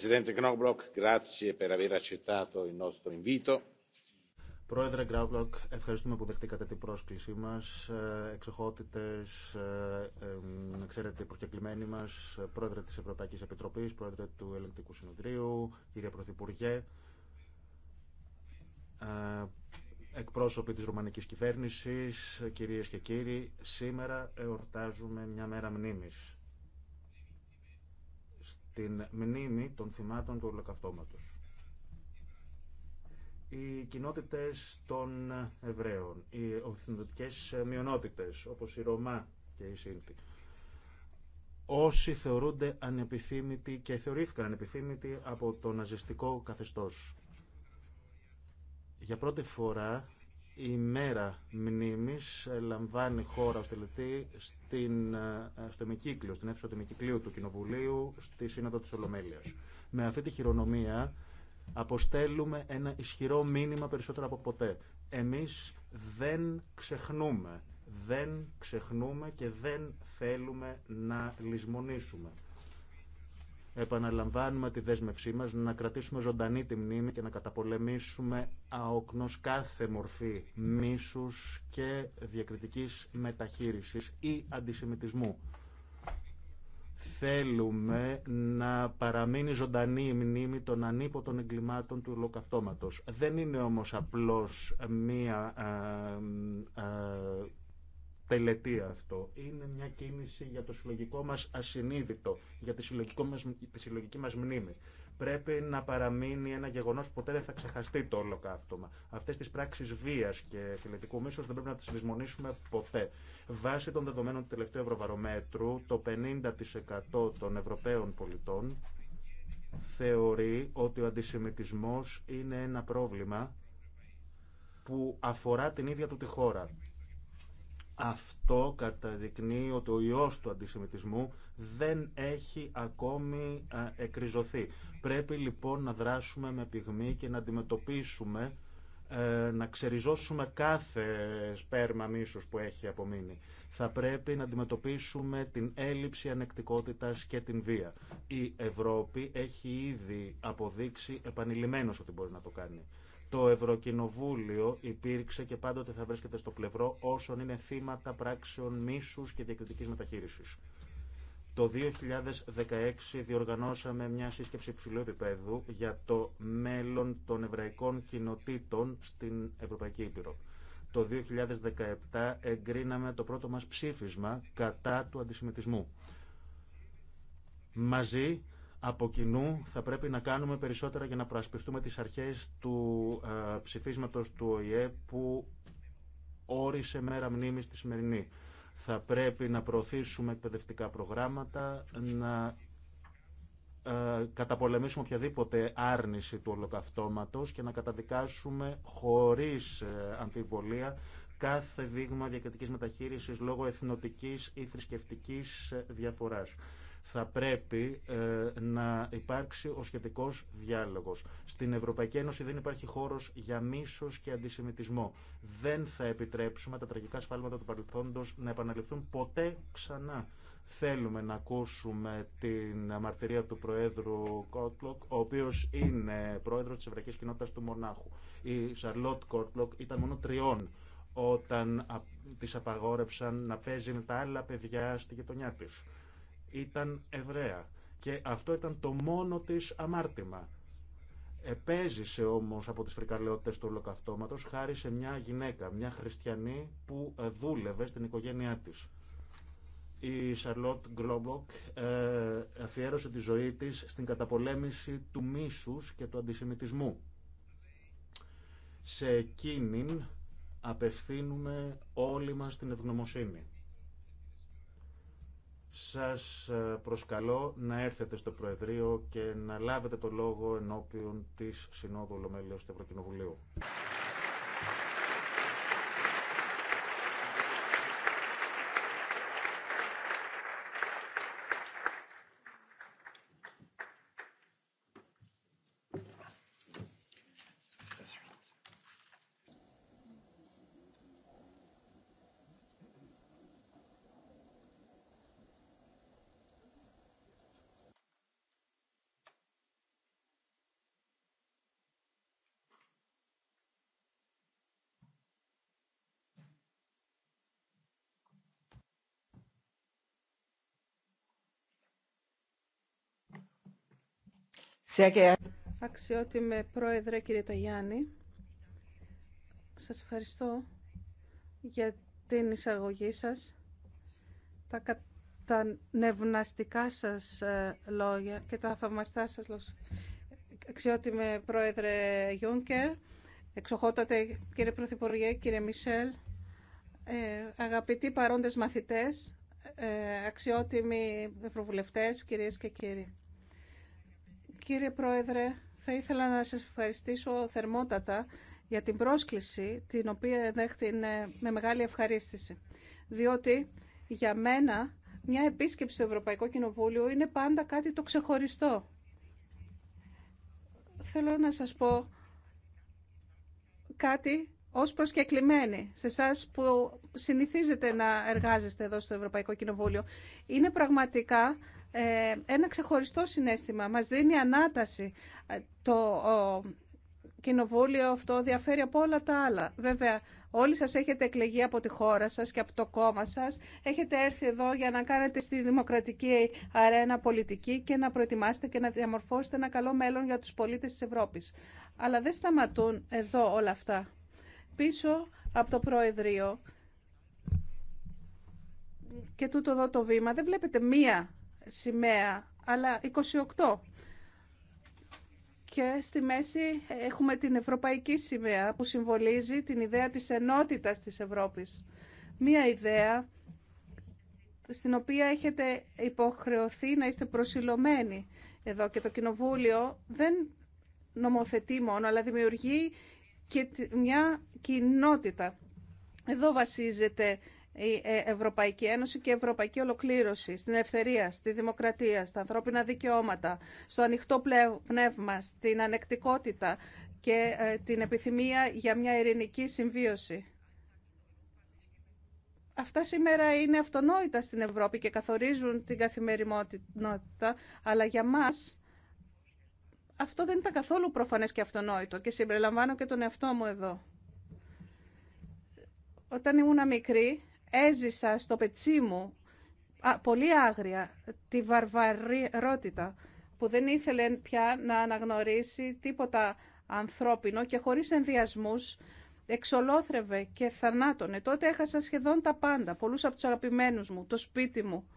Presidente Knobloch, Πρόεδρε Γκράουμπλοκ, ευχαριστούμε που δεχτήκατε την πρόσκλησή μα. Ε, Εξοχότητε, ε, ξέρετε, προσκεκλημένοι μα, ε, πρόεδρε τη Ευρωπαϊκή Επιτροπή, πρόεδρε του Ελληνικού Συνεδρίου, κύριε Πρωθυπουργέ, εκπρόσωποι τη Ρουμανικής κυβέρνηση, κύριε και κύριοι, σήμερα εορτάζουμε μια μέρα μνήμης την μνήμη των θυμάτων του ολοκαυτώματος. Οι κοινότητες των Εβραίων, οι οθνοτικές μειονότητες, όπως η Ρωμά και η Σύντη, όσοι θεωρούνται ανεπιθύμητοι και θεωρήθηκαν ανεπιθύμητοι από το ναζιστικό καθεστώς. Για πρώτη φορά η μέρα μνήμης ε, λαμβάνει χώρα ως τελετή στην, ε, ε, στο εμικύκλιο, στην αίθουσα του εμικυκλίου του Κοινοβουλίου στη Σύνοδο της Ολομέλειας. Με αυτή τη χειρονομία αποστέλουμε ένα ισχυρό μήνυμα περισσότερο από ποτέ. Εμείς δεν ξεχνούμε, δεν ξεχνούμε και δεν θέλουμε να λησμονήσουμε. Επαναλαμβάνουμε τη δέσμευσή μας να κρατήσουμε ζωντανή τη μνήμη και να καταπολεμήσουμε αοκνός κάθε μορφή μίσους και διακριτικής μεταχείρισης ή αντισημιτισμού. Θέλουμε να παραμείνει ζωντανή η μνήμη των ανίποτων εγκλημάτων του ολοκαυτώματος. Δεν είναι όμως απλώς μία ε, ε, τελετή αυτό. Είναι μια κίνηση για το συλλογικό μας ασυνείδητο, για τη συλλογική μας, τη μας μνήμη. Πρέπει να παραμείνει ένα γεγονό που ποτέ δεν θα ξεχαστεί το όλο καύτωμα. Αυτέ τι πράξει βία και φιλετικού μίσου δεν πρέπει να τι λησμονήσουμε ποτέ. Βάσει των δεδομένων του τελευταίου Ευρωβαρομέτρου, το 50% των Ευρωπαίων πολιτών θεωρεί ότι ο αντισημιτισμός είναι ένα πρόβλημα που αφορά την ίδια του τη χώρα. Αυτό καταδεικνύει ότι ο ιός του αντισημιτισμού δεν έχει ακόμη εκριζωθεί. Πρέπει λοιπόν να δράσουμε με πυγμή και να αντιμετωπίσουμε, ε, να ξεριζώσουμε κάθε σπέρμα μίσους που έχει απομείνει. Θα πρέπει να αντιμετωπίσουμε την έλλειψη ανεκτικότητας και την βία. Η Ευρώπη έχει ήδη αποδείξει επανειλημμένως ότι μπορεί να το κάνει. Το Ευρωκοινοβούλιο υπήρξε και πάντοτε θα βρίσκεται στο πλευρό όσων είναι θύματα πράξεων μίσου και διακριτική μεταχείρισης. Το 2016 διοργανώσαμε μια σύσκεψη υψηλού επίπεδου για το μέλλον των εβραϊκών κοινοτήτων στην Ευρωπαϊκή Ήπειρο. Το 2017 εγκρίναμε το πρώτο μας ψήφισμα κατά του αντισημιτισμού. Μαζί από κοινού θα πρέπει να κάνουμε περισσότερα για να προασπιστούμε τις αρχές του ε, ψηφίσματος του ΟΗΕ που όρισε μέρα μνήμης τη σημερινή. Θα πρέπει να προωθήσουμε εκπαιδευτικά προγράμματα, να ε, καταπολεμήσουμε οποιαδήποτε άρνηση του ολοκαυτώματος και να καταδικάσουμε χωρίς αντιβολία ε, αμφιβολία κάθε δείγμα διακριτικής μεταχείρισης λόγω εθνοτικής ή θρησκευτικής ε, διαφοράς θα πρέπει ε, να υπάρξει ο σχετικός διάλογος. Στην Ευρωπαϊκή Ένωση δεν υπάρχει χώρος για μίσος και αντισημιτισμό. Δεν θα επιτρέψουμε τα τραγικά σφάλματα του παρελθόντος να επαναληφθούν ποτέ ξανά. Θέλουμε να ακούσουμε την μαρτυρία του Προέδρου Κόρτλοκ, ο οποίος είναι πρόεδρος της Ευρωπαϊκής Κοινότητας του Μονάχου. Η Σαρλότ Κόρτλοκ ήταν μόνο τριών όταν της απαγόρεψαν να παίζει με τα άλλα παιδιά στη γειτονιά τη ήταν Εβραία και αυτό ήταν το μόνο της αμάρτημα. Επέζησε όμως από τις φρικαλαιότητες του ολοκαυτώματος χάρη σε μια γυναίκα, μια χριστιανή που ε, δούλευε στην οικογένειά της. Η Σαρλότ Γκλόμποκ ε, αφιέρωσε τη ζωή της στην καταπολέμηση του μίσους και του αντισημιτισμού. Σε εκείνην απευθύνουμε όλοι μας την ευγνωμοσύνη σας ε, προσκαλώ να έρθετε στο Προεδρείο και να λάβετε το λόγο ενώπιον της Συνόδου Ολομέλειας του Ευρωκοινοβουλίου. Αξιότιμε Πρόεδρε κύριε Ταγιάννη, σας ευχαριστώ για την εισαγωγή σας, τα κατανευναστικά σας ε, λόγια και τα θαυμαστά σας λόγια. Αξιότιμε Πρόεδρε Γιούνκερ, εξοχότατε κύριε Πρωθυπουργέ, κύριε Μισελ, ε, αγαπητοί παρόντες μαθητές, ε, αξιότιμοι ευρωβουλευτές, κυρίες και κύριοι. Κύριε Πρόεδρε, θα ήθελα να σας ευχαριστήσω θερμότατα για την πρόσκληση την οποία δέχτηνε με μεγάλη ευχαρίστηση. Διότι για μένα μια επίσκεψη στο Ευρωπαϊκό Κοινοβούλιο είναι πάντα κάτι το ξεχωριστό. Θέλω να σας πω κάτι ως προσκεκλημένη σε εσά που συνηθίζετε να εργάζεστε εδώ στο Ευρωπαϊκό Κοινοβούλιο. Είναι πραγματικά ε, ένα ξεχωριστό συνέστημα. Μας δίνει ανάταση ε, το κοινοβούλιο αυτό διαφέρει από όλα τα άλλα. Βέβαια, όλοι σας έχετε εκλεγεί από τη χώρα σας και από το κόμμα σας. Έχετε έρθει εδώ για να κάνετε στη δημοκρατική αρένα πολιτική και να προετοιμάσετε και να διαμορφώσετε ένα καλό μέλλον για τους πολίτες της Ευρώπης. Αλλά δεν σταματούν εδώ όλα αυτά. Πίσω από το Προεδρείο και τούτο εδώ το βήμα δεν βλέπετε μία σημαία, αλλά 28. Και στη μέση έχουμε την ευρωπαϊκή σημαία που συμβολίζει την ιδέα της ενότητας της Ευρώπης. Μία ιδέα στην οποία έχετε υποχρεωθεί να είστε προσιλωμένοι εδώ και το Κοινοβούλιο δεν νομοθετεί μόνο, αλλά δημιουργεί και μια κοινότητα. Εδώ βασίζεται η ε, Ευρωπαϊκή Ένωση και η Ευρωπαϊκή Ολοκλήρωση, στην ελευθερία, στη δημοκρατία, στα ανθρώπινα δικαιώματα, στο ανοιχτό πνεύμα, στην ανεκτικότητα και ε, την επιθυμία για μια ειρηνική συμβίωση. Αυτά σήμερα είναι αυτονόητα στην Ευρώπη και καθορίζουν την καθημερινότητα, αλλά για μας αυτό δεν ήταν καθόλου προφανές και αυτονόητο και συμπεριλαμβάνω και τον εαυτό μου εδώ. Όταν ήμουν μικρή, έζησα στο πετσί μου πολύ άγρια τη βαρβαρότητα που δεν ήθελε πια να αναγνωρίσει τίποτα ανθρώπινο και χωρίς ενδιασμούς εξολόθρευε και θανάτωνε. Τότε έχασα σχεδόν τα πάντα, πολλούς από τους αγαπημένους μου, το σπίτι μου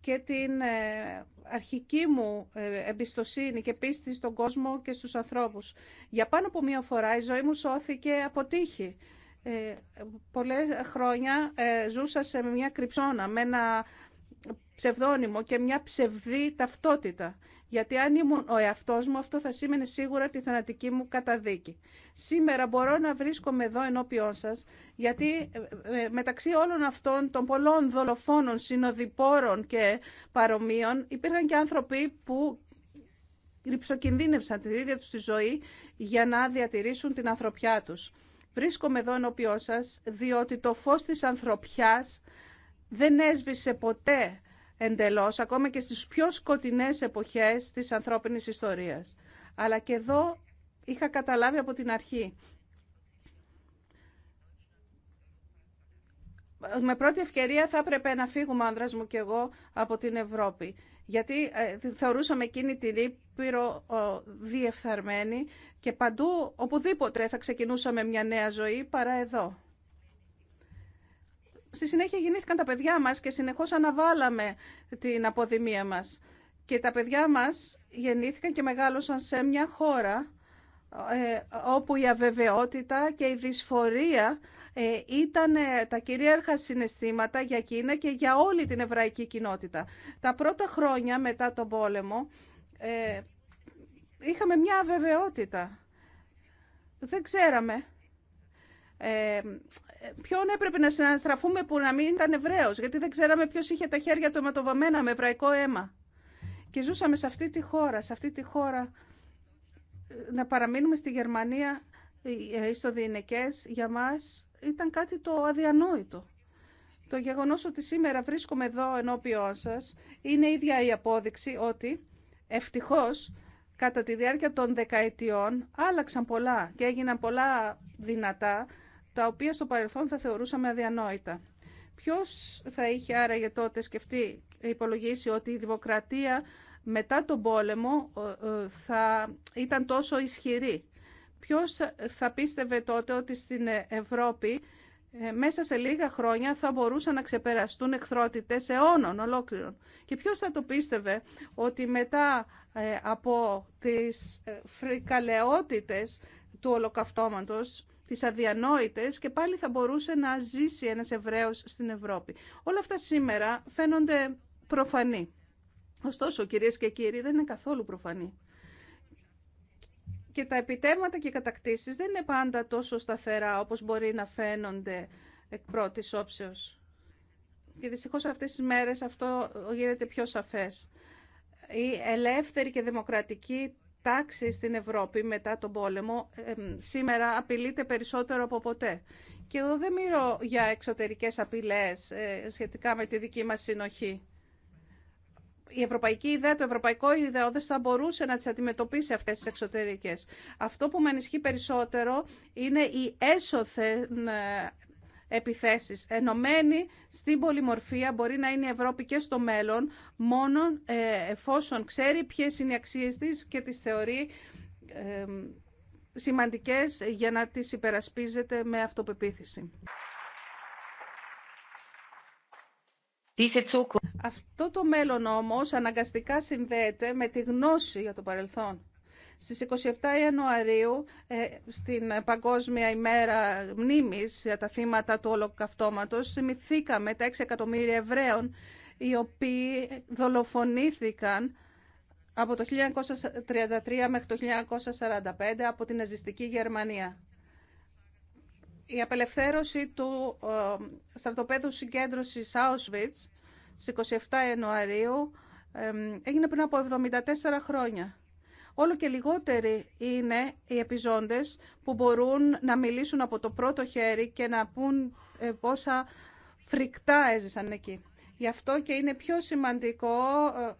και την ε, αρχική μου ε, εμπιστοσύνη και πίστη στον κόσμο και στους ανθρώπους. Για πάνω από μία φορά η ζωή μου σώθηκε από τύχη. Ε, πολλές χρόνια ε, ζούσα σε μια κρυψώνα, με ένα ψευδόνυμο και μια ψευδή ταυτότητα. Γιατί αν ήμουν ο εαυτός μου, αυτό θα σήμαινε σίγουρα τη θανατική μου καταδίκη. Σήμερα μπορώ να βρίσκομαι εδώ ενώπιόν σας, γιατί ε, μεταξύ όλων αυτών των πολλών δολοφόνων, συνοδοιπόρων και παρομοίων, υπήρχαν και άνθρωποι που ρηψοκινδύνευσαν την ίδια τους τη ζωή για να διατηρήσουν την ανθρωπιά τους. Βρίσκομαι εδώ ενώπιό σας, διότι το φως της ανθρωπιάς δεν έσβησε ποτέ εντελώς, ακόμα και στις πιο σκοτεινές εποχές της ανθρώπινης ιστορίας. Αλλά και εδώ είχα καταλάβει από την αρχή με πρώτη ευκαιρία θα έπρεπε να φύγουμε, ο άνδρας μου και εγώ, από την Ευρώπη. Γιατί ε, θεωρούσαμε εκείνη την Ήπειρο διεφθαρμένη και παντού, οπουδήποτε θα ξεκινούσαμε μια νέα ζωή παρά εδώ. Στη συνέχεια γεννήθηκαν τα παιδιά μας και συνεχώς αναβάλαμε την αποδημία μας. Και τα παιδιά μας γεννήθηκαν και μεγάλωσαν σε μια χώρα ε, όπου η αβεβαιότητα και η δυσφορία ε, ήταν τα κυρίαρχα συναισθήματα για εκείνα και για όλη την εβραϊκή κοινότητα. Τα πρώτα χρόνια μετά τον πόλεμο ε, είχαμε μια αβεβαιότητα. Δεν ξέραμε ε, ποιον έπρεπε να συναστραφούμε που να μην ήταν Εβραίος, γιατί δεν ξέραμε ποιος είχε τα χέρια του αιματοβαμμένα με εβραϊκό αίμα. Και ζούσαμε σε αυτή τη χώρα, σε αυτή τη χώρα ε, να παραμείνουμε στη Γερμανία στο για μας ήταν κάτι το αδιανόητο. Το γεγονός ότι σήμερα βρίσκομαι εδώ ενώπιόν σας είναι ίδια η απόδειξη ότι ευτυχώς κατά τη διάρκεια των δεκαετιών άλλαξαν πολλά και έγιναν πολλά δυνατά τα οποία στο παρελθόν θα θεωρούσαμε αδιανόητα. Ποιος θα είχε άραγε τότε σκεφτεί, υπολογίσει ότι η δημοκρατία μετά τον πόλεμο ε, ε, θα ήταν τόσο ισχυρή. Ποιος θα πίστευε τότε ότι στην Ευρώπη ε, μέσα σε λίγα χρόνια θα μπορούσαν να ξεπεραστούν εχθρότητες αιώνων ολόκληρων. Και ποιος θα το πίστευε ότι μετά ε, από τις ε, φρικαλαιότητες του ολοκαυτώματος, τις αδιανόητες και πάλι θα μπορούσε να ζήσει ένας Εβραίος στην Ευρώπη. Όλα αυτά σήμερα φαίνονται προφανή. Ωστόσο, κυρίες και κύριοι, δεν είναι καθόλου προφανή και τα επιτεύγματα και οι κατακτήσεις δεν είναι πάντα τόσο σταθερά όπως μπορεί να φαίνονται εκ πρώτης όψεως. Και δυστυχώς αυτές τις μέρες αυτό γίνεται πιο σαφές. Η ελεύθερη και δημοκρατική τάξη στην Ευρώπη μετά τον πόλεμο σήμερα απειλείται περισσότερο από ποτέ. Και εδώ δεν μιλώ για εξωτερικές απειλές ε, σχετικά με τη δική μας συνοχή η ευρωπαϊκή ιδέα, το ευρωπαϊκό ιδεώδες θα μπορούσε να τις αντιμετωπίσει αυτές τις εξωτερικές. Αυτό που με ενισχύει περισσότερο είναι οι έσωθεν ε, επιθέσεις. Ενωμένη στην πολυμορφία μπορεί να είναι η Ευρώπη και στο μέλλον, μόνο ε, εφόσον ξέρει ποιες είναι οι αξίες της και τις θεωρεί ε, σημαντικές για να τις υπερασπίζεται με αυτοπεποίθηση. Αυτό το μέλλον όμως αναγκαστικά συνδέεται με τη γνώση για το παρελθόν. Στις 27 Ιανουαρίου, ε, στην Παγκόσμια ημέρα μνήμης για τα θύματα του ολοκαυτώματος, θυμηθήκαμε τα 6 εκατομμύρια Εβραίων, οι οποίοι δολοφονήθηκαν από το 1933 μέχρι το 1945 από την ναζιστική Γερμανία η απελευθέρωση του ε, στρατοπέδου συγκέντρωσης Auschwitz στις 27 Ιανουαρίου έγινε πριν από 74 χρόνια. Όλο και λιγότεροι είναι οι επιζώντες που μπορούν να μιλήσουν από το πρώτο χέρι και να πούν ε, πόσα φρικτά έζησαν εκεί. Γι' αυτό και είναι πιο σημαντικό ε,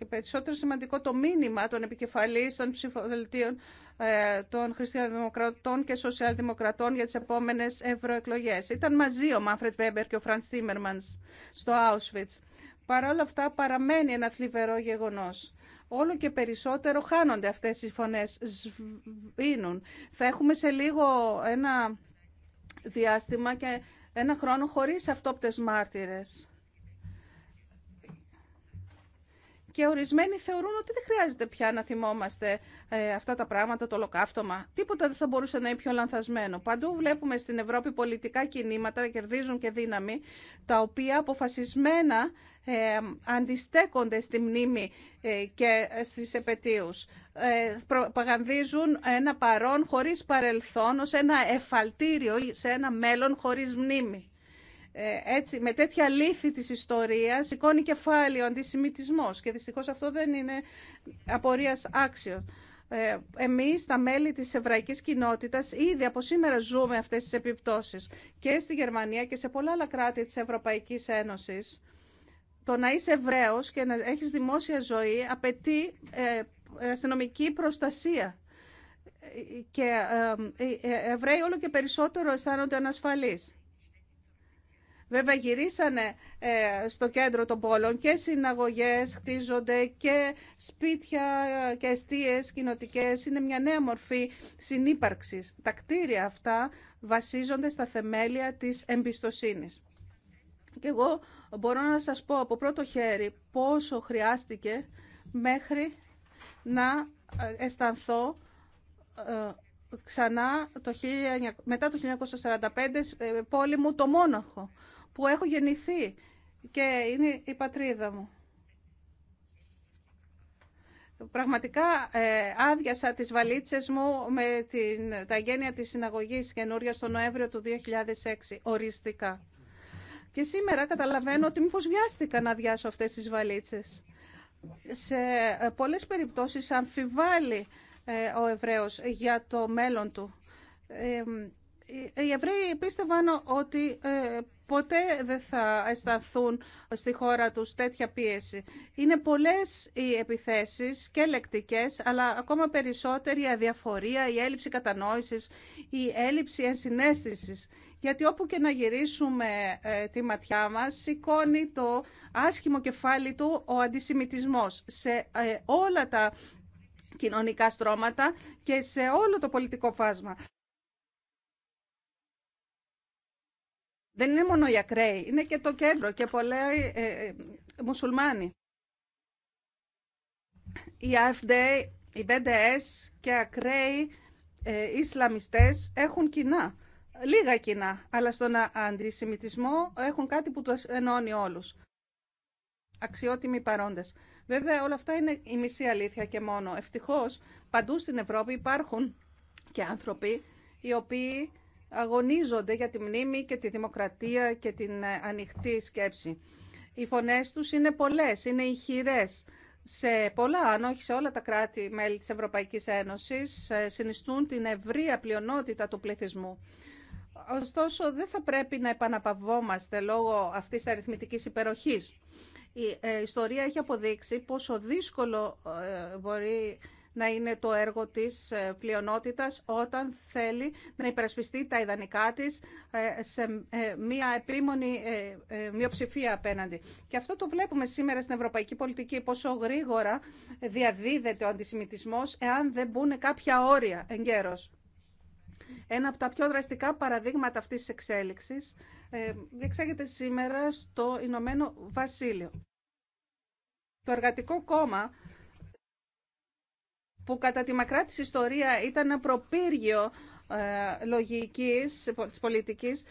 και περισσότερο σημαντικό το μήνυμα των επικεφαλής των ψηφοδελτίων ε, των χριστιανοδημοκρατών και σοσιαλδημοκρατών για τις επόμενες ευρωεκλογές. Ήταν μαζί ο Μάνφρετ Βέμπερ και ο Φραντ Τίμερμανς στο Auschwitz. Παρ' όλα αυτά παραμένει ένα θλιβερό γεγονός. Όλο και περισσότερο χάνονται αυτές οι φωνές, σβήνουν. Θα έχουμε σε λίγο ένα διάστημα και ένα χρόνο χωρίς αυτόπτες μάρτυρες. Και ορισμένοι θεωρούν ότι δεν χρειάζεται πια να θυμόμαστε ε, αυτά τα πράγματα, το ολοκαύτωμα. Τίποτα δεν θα μπορούσε να είναι πιο λανθασμένο. Παντού βλέπουμε στην Ευρώπη πολιτικά κινήματα, κερδίζουν και δύναμη, τα οποία αποφασισμένα ε, αντιστέκονται στη μνήμη ε, και στις επαιτίους. Προπαγανδίζουν ένα παρόν χωρίς παρελθόν, ως ένα εφαλτήριο σε ένα μέλλον χωρίς μνήμη. Ε, έτσι, με τέτοια λύθη της ιστορίας σηκώνει κεφάλι ο αντισημιτισμός και δυστυχώς αυτό δεν είναι απορίας άξιο Ε, εμείς, τα μέλη της εβραϊκής κοινότητας, ήδη από σήμερα ζούμε αυτές τις επιπτώσεις και στη Γερμανία και σε πολλά άλλα κράτη της Ευρωπαϊκής Ένωσης. Το να είσαι Εβραίος και να έχεις δημόσια ζωή απαιτεί ε, αστυνομική προστασία ε, και οι Εβραίοι όλο και περισσότερο αισθάνονται ανασφαλείς. Βέβαια γυρίσανε ε, στο κέντρο των πόλων και συναγωγές χτίζονται και σπίτια και αιστείες κοινοτικέ. Είναι μια νέα μορφή συνύπαρξης. Τα κτίρια αυτά βασίζονται στα θεμέλια της εμπιστοσύνης. Και εγώ μπορώ να σας πω από πρώτο χέρι πόσο χρειάστηκε μέχρι να ε, αισθανθώ ε, ξανά μετά το 1945 πόλη μου το Μόναχο που έχω γεννηθεί και είναι η πατρίδα μου. Πραγματικά ε, άδειασα τις βαλίτσες μου με την, τα γένεια της συναγωγής καινούρια στο Νοέμβριο του 2006, οριστικά. Και σήμερα καταλαβαίνω ότι μήπως βιάστηκα να αδειάσω αυτές τις βαλίτσες. Σε ε, πολλές περιπτώσεις αμφιβάλλει ε, ο Εβραίος για το μέλλον του. Οι Εβραίοι πίστευαν ότι ποτέ δεν θα αισθανθούν στη χώρα τους τέτοια πίεση. Είναι πολλές οι επιθέσεις και λεκτικές, αλλά ακόμα περισσότερη η αδιαφορία, η έλλειψη κατανόησης, η έλλειψη ενσυναίσθησης. Γιατί όπου και να γυρίσουμε ε, τη ματιά μας, σηκώνει το άσχημο κεφάλι του ο αντισημιτισμός σε ε, όλα τα κοινωνικά στρώματα και σε όλο το πολιτικό φάσμα. Δεν είναι μόνο οι ακραίοι, είναι και το κέντρο και πολλοί ε, ε, μουσουλμάνοι. Η AFD, οι BDS και ακραίοι ε, Ισλαμιστές έχουν κοινά. Λίγα κοινά, αλλά στον αντισημιτισμό έχουν κάτι που τους ενώνει όλους. Αξιότιμοι παρόντες. Βέβαια όλα αυτά είναι η μισή αλήθεια και μόνο. Ευτυχώς παντού στην Ευρώπη υπάρχουν και άνθρωποι οι οποίοι αγωνίζονται για τη μνήμη και τη δημοκρατία και την ε, ανοιχτή σκέψη. Οι φωνές τους είναι πολλές, είναι ηχηρές. Σε πολλά, αν όχι σε όλα τα κράτη-μέλη της Ευρωπαϊκής Ένωσης, ε, συνιστούν την ευρία πλειονότητα του πληθυσμού. Ωστόσο, δεν θα πρέπει να επαναπαυόμαστε λόγω αυτής της αριθμητικής υπεροχής. Η ε, ιστορία έχει αποδείξει πόσο δύσκολο μπορεί να είναι το έργο της ε, πλειονότητας όταν θέλει να υπερασπιστεί τα ιδανικά της ε, σε ε, μια επίμονη μειοψηφία απέναντι. Και αυτό το βλέπουμε σήμερα στην ευρωπαϊκή πολιτική, πόσο γρήγορα διαδίδεται ο αντισημιτισμός εάν δεν μπουν κάποια όρια εγκαίρως. Ένα από τα πιο δραστικά παραδείγματα αυτής της εξέλιξης διεξάγεται σήμερα στο Ηνωμένο Βασίλειο. Το Εργατικό Κόμμα που κατά τη μακρά της ιστορία ήταν ένα προπύργιο ε, λογικής, της πολιτικής,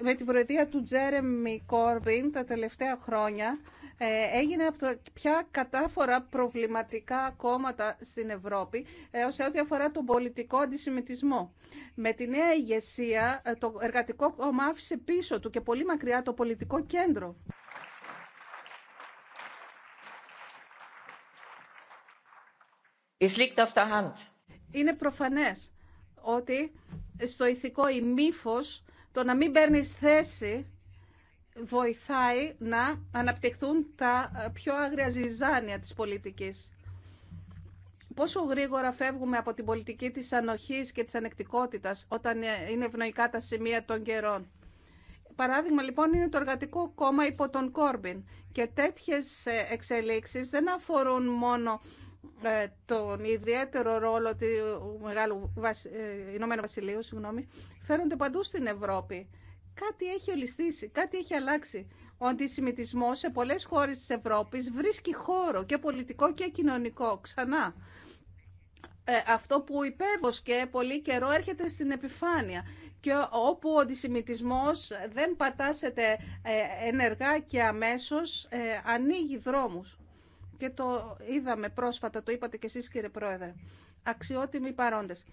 με την προεδρία του Τζέρεμι Κόρβιν τα τελευταία χρόνια ε, έγινε από το πια κατάφορα προβληματικά κόμματα στην Ευρώπη ε, σε ό,τι αφορά τον πολιτικό αντισημιτισμό. Με τη νέα ηγεσία το εργατικό κόμμα άφησε πίσω του και πολύ μακριά το πολιτικό κέντρο. Είναι προφανές ότι στο ηθικό ημίφος το να μην παίρνει θέση βοηθάει να αναπτυχθούν τα πιο άγρια ζυζάνια της πολιτικής. Πόσο γρήγορα φεύγουμε από την πολιτική της ανοχής και της ανεκτικότητας όταν ε, είναι ευνοϊκά τα σημεία των καιρών. Παράδειγμα λοιπόν είναι το εργατικό κόμμα υπό τον Κόρμπιν και τέτοιες ε, εξελίξεις δεν αφορούν μόνο ε, τον ιδιαίτερο ρόλο του Μεγάλου ε, Ηνωμένου Βασιλείου συγγνώμη, φαίνονται παντού στην Ευρώπη. Κάτι έχει ολιστήσει, κάτι έχει αλλάξει. Ο αντισημιτισμός σε πολλές χώρες της Ευρώπης βρίσκει χώρο και πολιτικό και κοινωνικό ξανά. Ε, αυτό που και πολύ καιρό έρχεται στην επιφάνεια και όπου ο αντισημιτισμός δεν πατάσεται ενεργά και αμέσως ανοίγει δρόμους και το είδαμε πρόσφατα, το είπατε και εσείς κύριε Πρόεδρε. Αξιότιμοι παρόντες.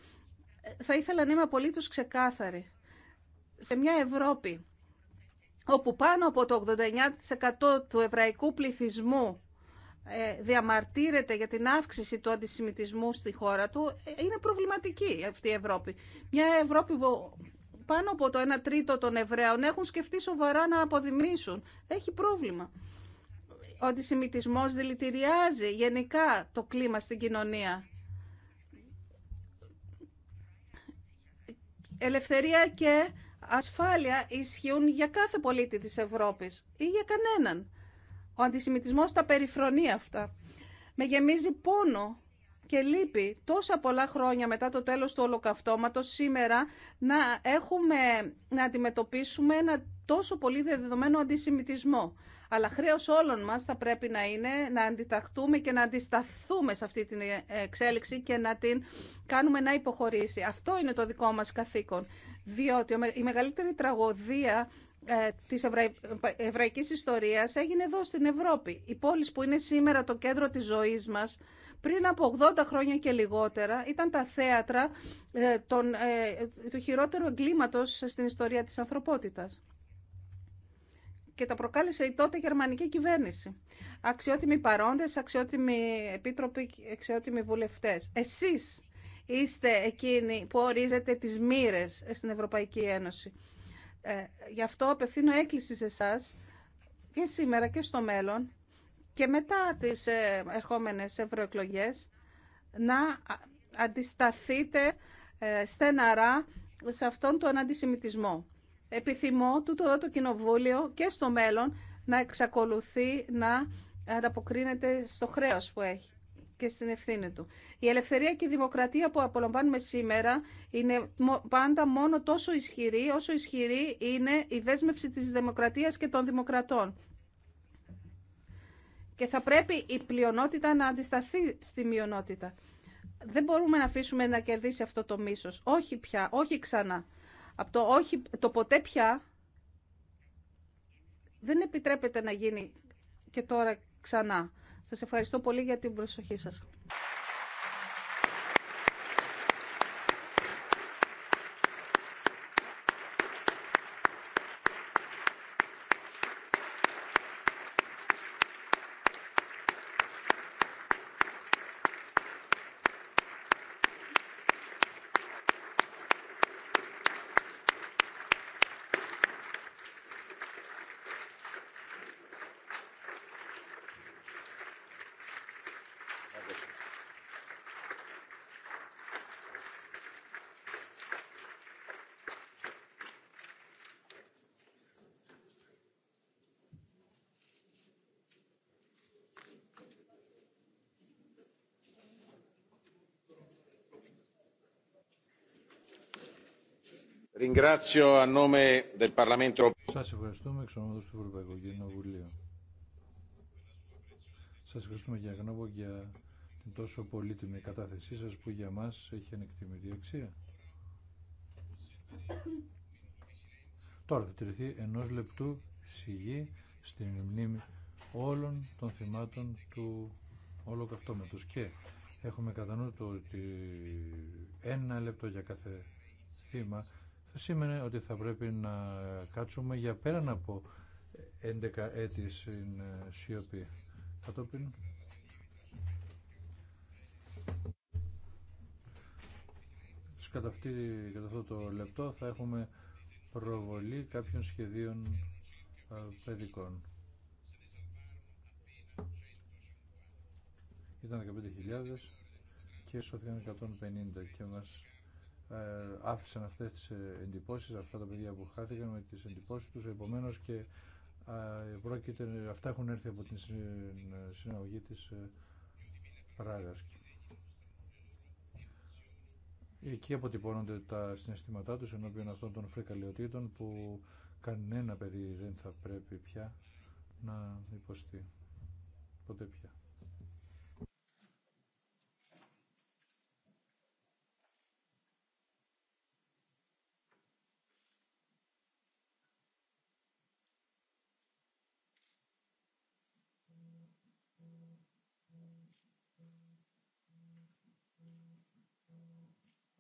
Θα ήθελα να είμαι απολύτως ξεκάθαρη. Σε μια Ευρώπη όπου πάνω από το 89% του εβραϊκού πληθυσμού ε, διαμαρτύρεται για την αύξηση του αντισημιτισμού στη χώρα του, ε, είναι προβληματική αυτή η Ευρώπη. Μια Ευρώπη που πάνω από το 1 τρίτο των Εβραίων έχουν σκεφτεί σοβαρά να αποδημήσουν. Έχει πρόβλημα ο αντισημιτισμός δηλητηριάζει γενικά το κλίμα στην κοινωνία. Ελευθερία και ασφάλεια ισχύουν για κάθε πολίτη της Ευρώπης ή για κανέναν. Ο αντισημιτισμός τα περιφρονεί αυτά. Με γεμίζει πόνο και λύπη τόσα πολλά χρόνια μετά το τέλος του ολοκαυτώματος σήμερα να έχουμε να αντιμετωπίσουμε ένα τόσο πολύ δεδομένο αντισημιτισμό. Αλλά χρέος όλων μας θα πρέπει να είναι να αντιταχτούμε και να αντισταθούμε σε αυτή την ε, εξέλιξη και να την κάνουμε να υποχωρήσει. Αυτό είναι το δικό μας καθήκον. Διότι η μεγαλύτερη τραγωδία ε, της εβραϊκής ιστορίας έγινε εδώ στην Ευρώπη. Οι πόλεις που είναι σήμερα το κέντρο της ζωής μας, πριν από 80 χρόνια και λιγότερα, ήταν τα θέατρα ε, του χειρότερου εγκλήματος στην ιστορία της ανθρωπότητας και τα προκάλεσε η τότε γερμανική κυβέρνηση. Αξιότιμοι παρόντες, αξιότιμοι επίτροποι, αξιότιμοι βουλευτές. Εσείς είστε εκείνοι που ορίζετε τις μοίρε στην Ευρωπαϊκή Ένωση. Ε, γι' αυτό απευθύνω έκκληση σε εσά και σήμερα και στο μέλλον και μετά τις ε, ερχόμενες ευρωεκλογέ να αντισταθείτε ε, στεναρά σε αυτόν τον αντισημιτισμό. Επιθυμώ τούτο το κοινοβούλιο και στο μέλλον να εξακολουθεί να ανταποκρίνεται στο χρέος που έχει και στην ευθύνη του. Η ελευθερία και η δημοκρατία που απολαμβάνουμε σήμερα είναι πάντα μόνο τόσο ισχυρή όσο ισχυρή είναι η δέσμευση της δημοκρατίας και των δημοκρατών. Και θα πρέπει η πλειονότητα να αντισταθεί στη μειονότητα. Δεν μπορούμε να αφήσουμε να κερδίσει αυτό το μίσος. Όχι πια, όχι ξανά από το, όχι, το ποτέ πια δεν επιτρέπεται να γίνει και τώρα ξανά. Σας ευχαριστώ πολύ για την προσοχή σας. Σα ευχαριστούμε εξ ονόματο του Ευρωπαϊκού Κοινοβουλίου. Σα ευχαριστούμε για γνώμη για την τόσο πολύτιμη κατάθεσή σα που για μα έχει ανεκτιμητή αξία. Τώρα θα τηρηθεί ενό λεπτού σιγή στην μνήμη όλων των θυμάτων του ολοκαυτώματο. και έχουμε κατά νου το ότι ένα λεπτό για κάθε θύμα θα σήμαινε ότι θα πρέπει να κάτσουμε για πέραν από 11 έτη στην ε, σιωπή. Κατόπιν. Κατά, αυτή, κατά αυτό το λεπτό θα έχουμε προβολή κάποιων σχεδίων ε, παιδικών. Ήταν 15.000 και σώθηκαν 150 και μας ε, άφησαν αυτές τις ε, εντυπώσεις, αυτά τα παιδιά που χάθηκαν με τις εντυπώσεις τους, επομένως και πρόκειται, αυτά έχουν έρθει από την συναγωγή της ε, Πράγας. Εκεί αποτυπώνονται τα συναισθήματά τους ενώπιον αυτών των φρικαλαιοτήτων που κανένα παιδί δεν θα πρέπει πια να υποστεί. Ποτέ πια.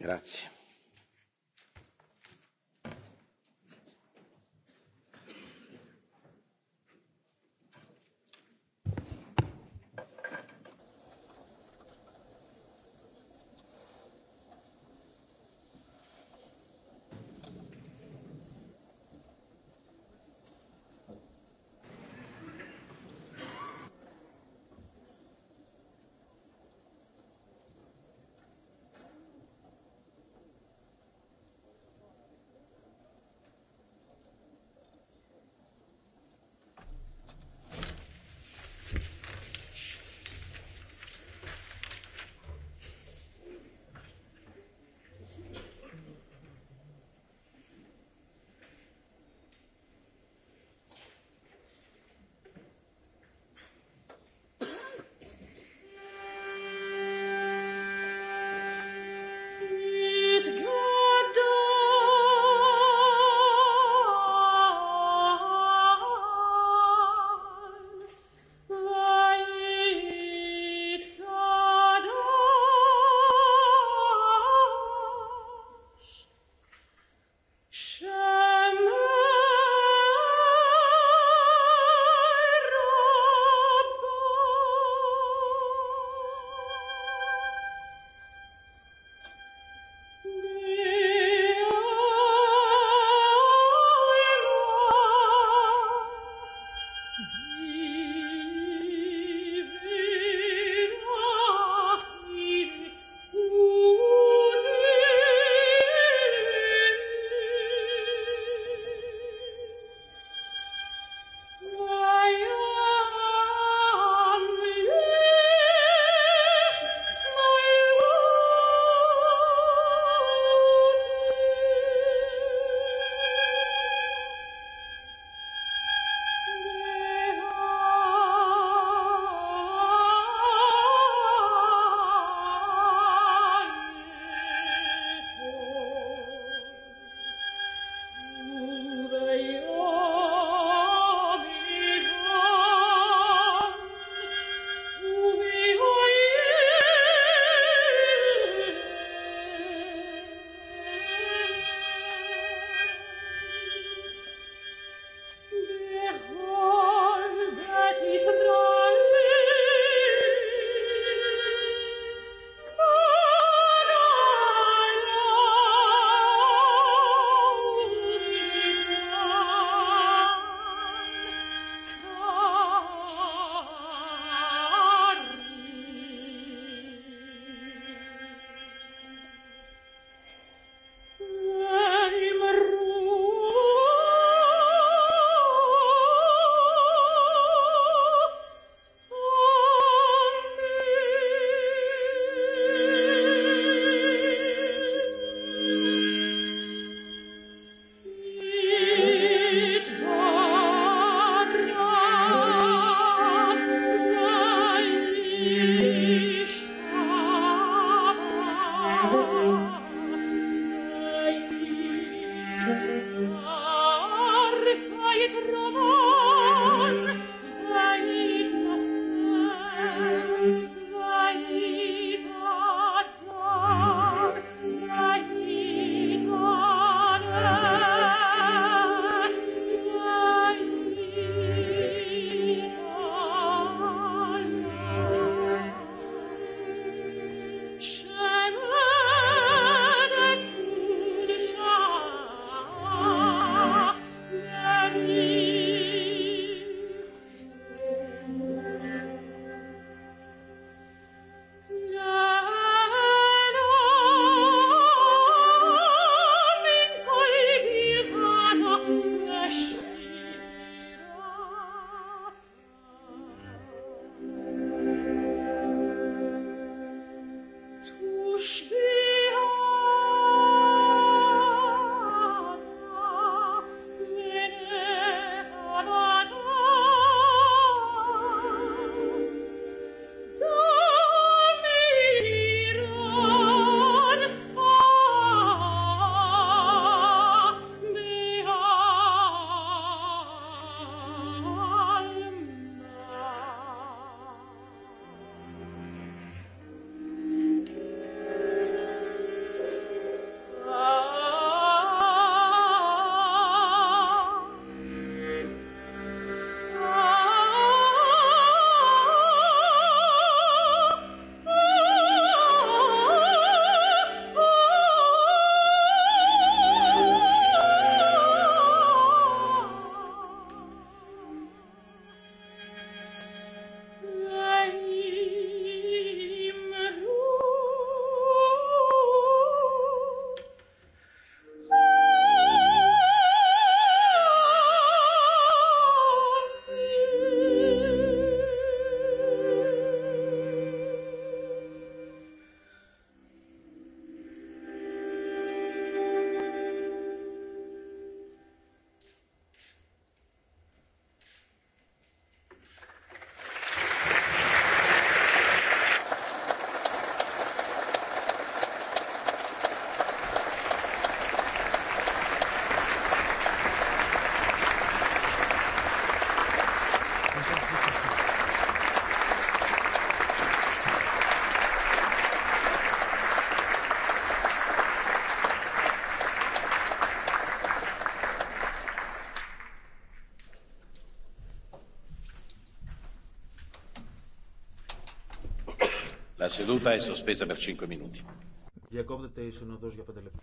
Grazie. La seduta è sospesa Διακόπτεται η συνοδός για 5 λεπτά.